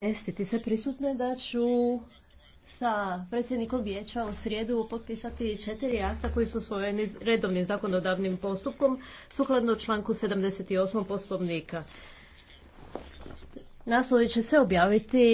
Estiti se prisutne da ću sa predsjednikom vijeća u srijedu potpisati četiri akta koji su svojeni redovnim zakonodavnim postupkom sukladno članku 78. poslovnika. Naslovi će se objaviti